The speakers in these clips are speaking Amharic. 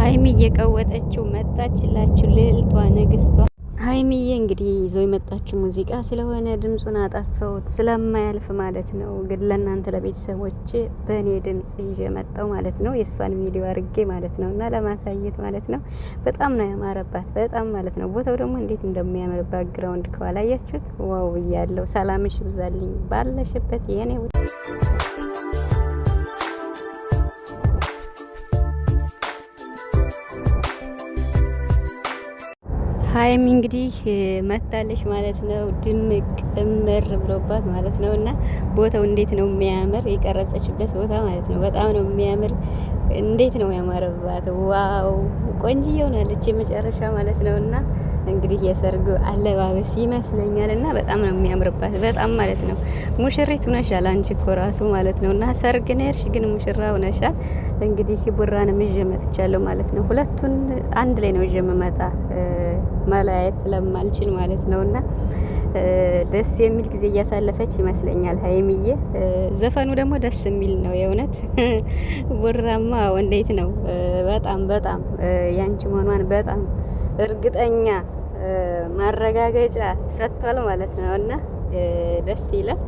ሀይሚ እየቀወጠችው ላችሁ ልዕልቷ ንግስቷ ሀይሚዬ እንግዲህ ይዘው የመጣችው ሙዚቃ ስለሆነ ድምፁን አጠፈውት ስለማያልፍ ማለት ነው። ግን ለእናንተ ለቤተሰቦች በእኔ ድምጽ ይዤ መጣው ማለት ነው። የእሷን ቪዲዮ አርጌ ማለት ነው እና ለማሳየት ማለት ነው። በጣም ነው ያማረባት በጣም ማለት ነው። ቦታው ደግሞ እንዴት እንደሚያምር ባግራውንድ ከኋላ አያችሁት? ዋው እያለው ሰላምሽ ብዛልኝ ባለሽበት የኔ ሀይሚ እንግዲህ መታለሽ ማለት ነው። ድምቅ እምር ብሎባት ማለት ነው። እና ቦታው እንዴት ነው የሚያምር! የቀረጸችበት ቦታ ማለት ነው። በጣም ነው የሚያምር። እንዴት ነው ያማረባት! ዋው ቆንጅዬ ሆናለች የመጨረሻ ማለት ነው። እና እንግዲህ የሰርግ አለባበስ ይመስለኛል። እና በጣም ነው የሚያምርባት፣ በጣም ማለት ነው። ሙሽሪት ሆነሻል አንቺ እኮ ራሱ ማለት ነው። እና ሰርግ ነው ግን ሙሽራ ሆነሻል። እንግዲህ ቡራንም ይዤ መጥቻለሁ ማለት ነው። ሁለቱን አንድ ላይ ነው ይዤ የምመጣ መለያየት ስለማልችል ማለት ነው። እና ደስ የሚል ጊዜ እያሳለፈች ይመስለኛል ሀይሚዬ። ዘፈኑ ደግሞ ደስ የሚል ነው የእውነት። ቡራማ እንዴት ነው በጣም በጣም ያንቺ መሆኗን በጣም እርግጠኛ ማረጋገጫ ሰጥቷል ማለት ነው እና ደስ ይላል።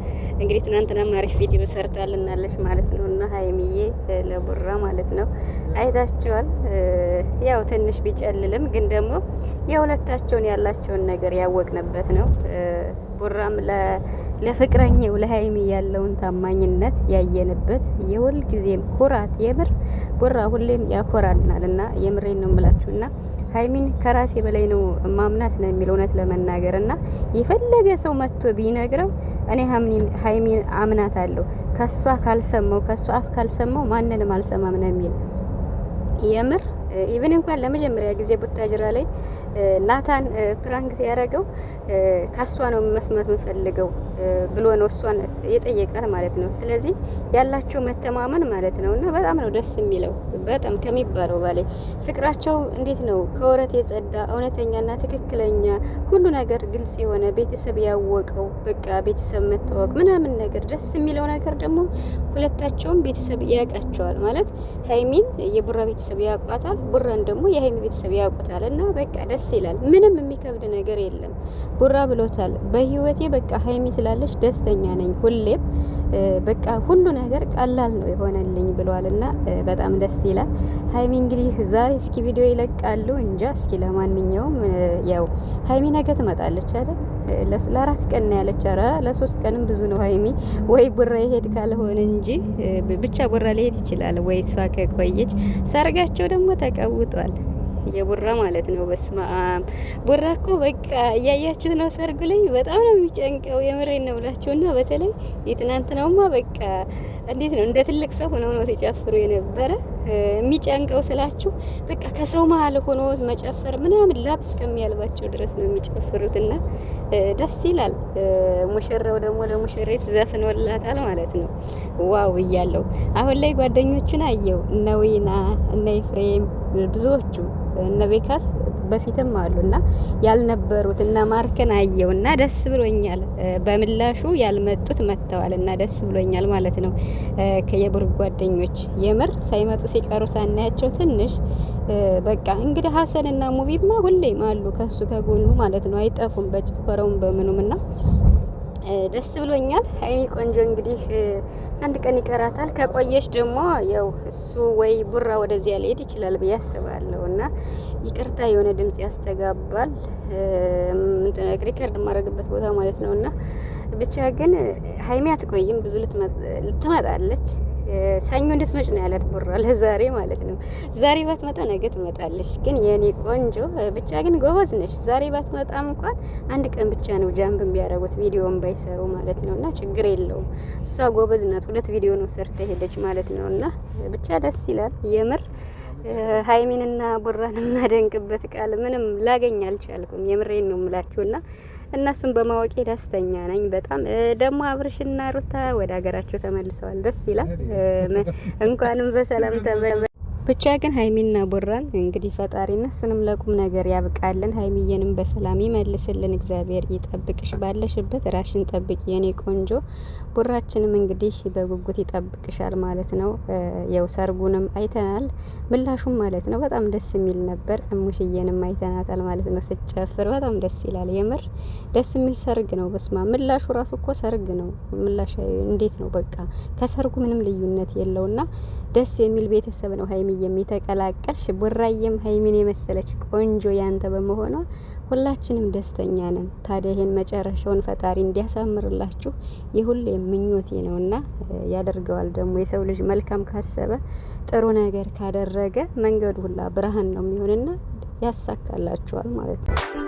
እንግዲህ ትናንትና አሪፍ ቪዲዮ ሰርታልናለች ማለት ነው እና ሀይሚዬ ለቡራ ማለት ነው አይታችኋል። ያው ትንሽ ቢጨልልም ግን ደግሞ የሁለታቸውን ያላቸውን ነገር ያወቅንበት ነው። ቡራም ለፍቅረኛው ለሀይሚ ያለውን ታማኝነት ያየንበት የሁልጊዜም ኩራት የምር ቡራ ሁሌም ያኮራናል እና የምሬን ነው የምላችሁና ሀይሚን ከራሴ በላይ ነው ማምናት ነው የሚል እውነት ለመናገር እና የፈለገ ሰው መጥቶ ቢነግረው እኔ ሀይሚን አምናት አለሁ ከሷ ካልሰማው ከሷ አፍ ካልሰማው ማንንም አልሰማም ነው የሚል የምር ኢቭን እንኳን ለመጀመሪያ ጊዜ ቡታጅራ ላይ ናታን ፕራንክ ሲያደርገው ከሷ ነው መስማት የምፈልገው ብሎ ነው እሷን የጠየቃት ማለት ነው። ስለዚህ ያላቸው መተማመን ማለት ነው እና በጣም ነው ደስ የሚለው በጣም ከሚባለው በላይ ፍቅራቸው እንዴት ነው ከወረት የጸዳ እውነተኛና ትክክለኛ ሁሉ ነገር ግልጽ የሆነ ቤተሰብ ያወቀው በቃ ቤተሰብ መታወቅ ምናምን ነገር ደስ የሚለው ነገር ደግሞ ሁለታቸውም ቤተሰብ ያውቃቸዋል ማለት ሀይሚን የቡራ ቤተሰብ ያውቋታል፣ ቡራን ደግሞ የሀይሚ ቤተሰብ ያውቁታል። እና በቃ ደስ ይላል። ምንም የሚከብድ ነገር የለም። ቡራ ብሎታል በህይወቴ በቃ ሀይሚ ስላ ትላለች። ደስተኛ ነኝ ሁሌም በቃ ሁሉ ነገር ቀላል ነው የሆነልኝ ብሏልና በጣም ደስ ይላል። ሀይሚ እንግዲህ ዛሬ እስኪ ቪዲዮ ይለቃሉ እንጃ። እስኪ ለማንኛውም ያው ሀይሚ ነገ ትመጣለች አይደል? ለአራት ቀን ነው ያለች። ኧረ ለሶስት ቀንም ብዙ ነው ሀይሚ። ወይ ቡራ ይሄድ ካልሆነ እንጂ ብቻ ቡራ ሊሄድ ይችላል ወይ እሷ ከቆየች። ሰርጋቸው ደግሞ ተቀውጧል። የቡራ ማለት ነው። በስማ ቡራ እኮ በቃ እያያችሁ ነው። ሰርጉ ላይ በጣም ነው የሚጨንቀው። የምሬን ነው ብላችሁና በተለይ የትናንትናውማ በቃ እንዴት ነው እንደ ትልቅ ሰው ሆነው ነው ሲጨፍሩ የነበረ። የሚጨንቀው ስላችሁ በቃ ከሰው መሀል ሆኖ መጨፈር ምናምን ላብ እስከሚያልባቸው ድረስ ነው የሚጨፍሩት እና ደስ ይላል። ሙሽራው ደግሞ ለሙሽሪት ዘፍኖላታል ማለት ነው። ዋው እያለው አሁን ላይ ጓደኞቹን አየው እነ ዊና እነ ኤፍሬም ብዙዎቹ እነ ቤካስ በፊትም አሉና ያልነበሩት እና ማርክን እና ደስ ብሎኛል። በምላሹ ያልመጡት መጥተዋል እና ደስ ብሎኛል ማለት ነው። ከየብር ጓደኞች የምር ሳይመጡ ሲቀሩ ሳናያቸው ትንሽ በቃ እንግዲህ ሀሰን እና ሙቪማ ሁሌም አሉ ከሱ ከጎኑ ማለት ነው። አይጠፉም በጭፈረውም በምኑም እና ደስ ብሎኛል። ሀይሚ ቆንጆ እንግዲህ አንድ ቀን ይቀራታል። ከቆየች ደግሞ ያው እሱ ወይ ቡራ ወደዚያ ሊሄድ ይችላል ብዬ አስባለሁ እና ይቅርታ የሆነ ድምጽ ያስተጋባል ሪከርድ የማደርግበት ቦታ ማለት ነው እና ብቻ ግን ሀይሚ አትቆይም ብዙ ልትመጣለች ሰኞ እንድትመጭ ነው ያለት ቡራ ለዛሬ ማለት ነው። ዛሬ ባትመጣ ነገ ትመጣለች። ግን የኔ ቆንጆ ብቻ ግን ጎበዝ ነች። ዛሬ ባትመጣም እንኳን አንድ ቀን ብቻ ነው ጃምብን ቢያደርጉት ቪዲዮን ባይሰሩ ማለት ነው እና ችግር የለውም። እሷ ጎበዝ ናት። ሁለት ቪዲዮ ነው ሰርታ ሄደች ማለት ነው እና ብቻ ደስ ይላል የምር ሀይሚንና ቡራን የማደንቅበት ቃል ምንም ላገኝ አልቻልኩም። የምሬን ነው የምላችሁና እነሱን በማወቄ ደስተኛ ነኝ። በጣም ደግሞ አብርሽና ሩታ ወደ ሀገራቸው ተመልሰዋል። ደስ ይላል። እንኳንም በሰላም ተመ ብቻ ግን ሀይሚና ቦራን እንግዲህ ፈጣሪና እሱንም ለቁም ነገር ያብቃልን። ሀይሚየንም በሰላም ይመልስልን። እግዚአብሔር ይጠብቅሽ፣ ባለሽበት ራሽን ጠብቂ የኔ ቆንጆ። ቦራችንም እንግዲህ በጉጉት ይጠብቅሻል ማለት ነው። ያው ሰርጉንም አይተናል፣ ምላሹም ማለት ነው በጣም ደስ የሚል ነበር። እሙሽየንም አይተናታል ማለት ነው። ስጨፍር በጣም ደስ ይላል። የምር ደስ የሚል ሰርግ ነው። በስማ ምላሹ ራሱ እኮ ሰርግ ነው። ምላሽ እንዴት ነው? በቃ ከሰርጉ ምንም ልዩነት የለውና ደስ የሚል ቤተሰብ ነው ሀይሚ ሀይሚዬም የተቀላቀልሽ ቡራዬም ሀይሚን የመሰለች ቆንጆ ያንተ በመሆኗ ሁላችንም ደስተኛ ነን። ታዲያ ይሄን መጨረሻውን ፈጣሪ እንዲያሳምርላችሁ የሁሌ ምኞቴ ነውና ያደርገዋል። ደግሞ የሰው ልጅ መልካም ካሰበ ጥሩ ነገር ካደረገ መንገዱ ሁላ ብርሃን ነው የሚሆንና ያሳካላችኋል ማለት ነው።